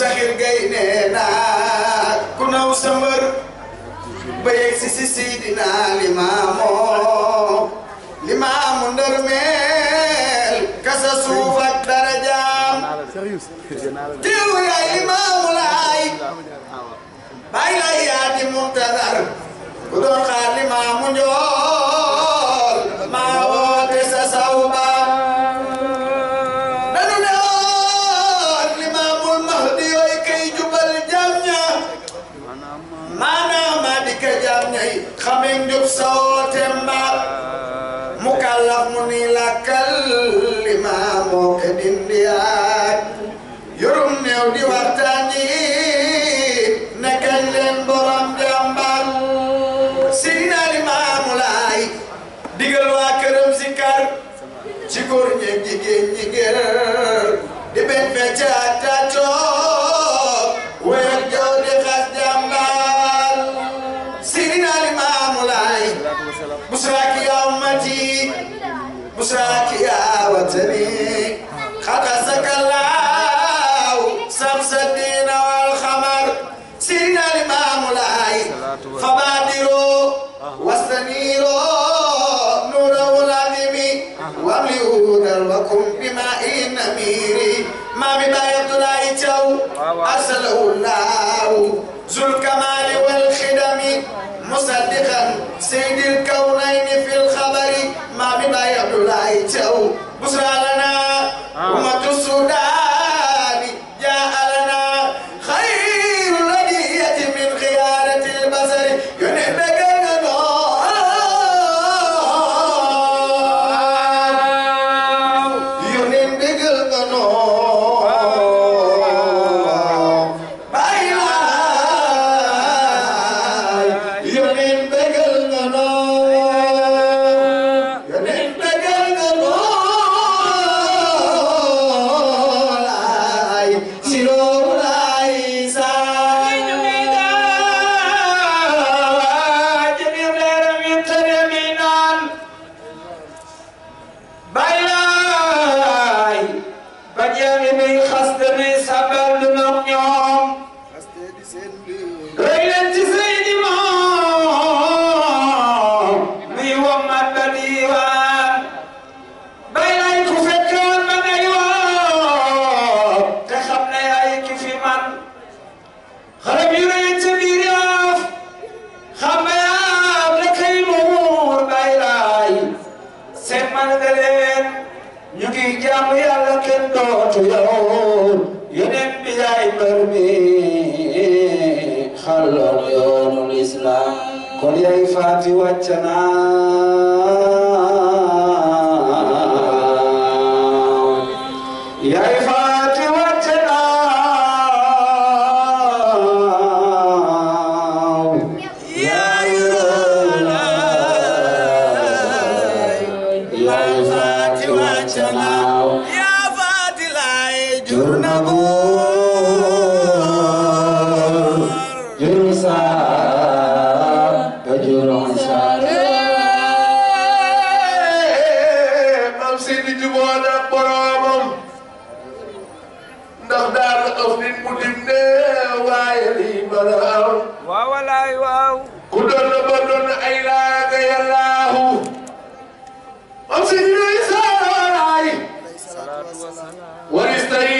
saxir gay ne na kuna naw sa si si si di na lima mo lima mundur mel kasa suuf darajam darajaam teew ya limaamu laay bàyyi ya di muntadar udah kali lima mundur maanaam maa di ka ñay xamee njub sawoote mu kàllax mu ni làkkal li maa moo ko dindi ak yorum néew di waxtaan yi nekkañ leen borom jàmbaar Seydina Limaamu Laay digal waa këram si kar ci góor ñeeg jigéen ñi di benn fecc شاكيا وتني خبسك الله سمس الدين والخمر سين الإمام لاي فبادروا واستنيروا نوره العظيم واملئوا دربكم بماء نمير ما بما يدنا يتو الله ذو الكمال na leen ñu ngi jaamu yàlla kenn dootu yoon yeneen bi yaay mbër mi xaloon yoonu lislaam kon yaay faati wàcc naa حساب أجر حساب maam Seydi jubóo na boroomam ndax daal ëf nit mu dim ne waaye lii mën a am waaw walaay waaw ku doon na ba doon ay laaga yàllaahu maam Seydi waay waris tay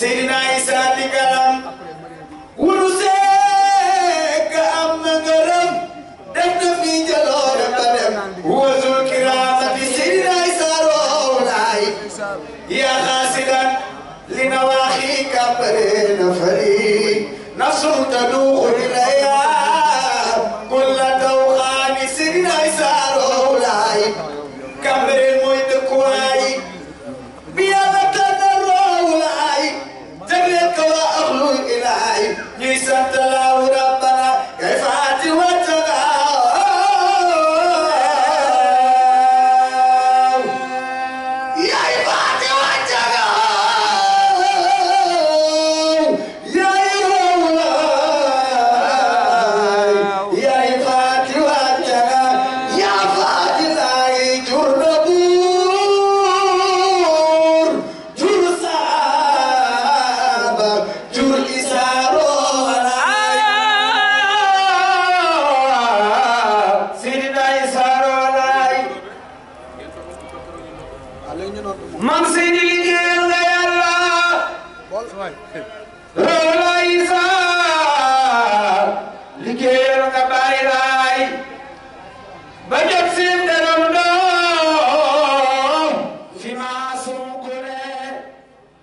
سيدنا عيسى تكلم ورسيك أما قرم دفن في جلال قدم هو ذو الكرامة سيدنا عيسى رولاي يا خاسدا لنواحيك أمرين فريق نفس تدوخ الأيام كل دوخان سيدنا عيسى رولاي كبرين lay saa liggéey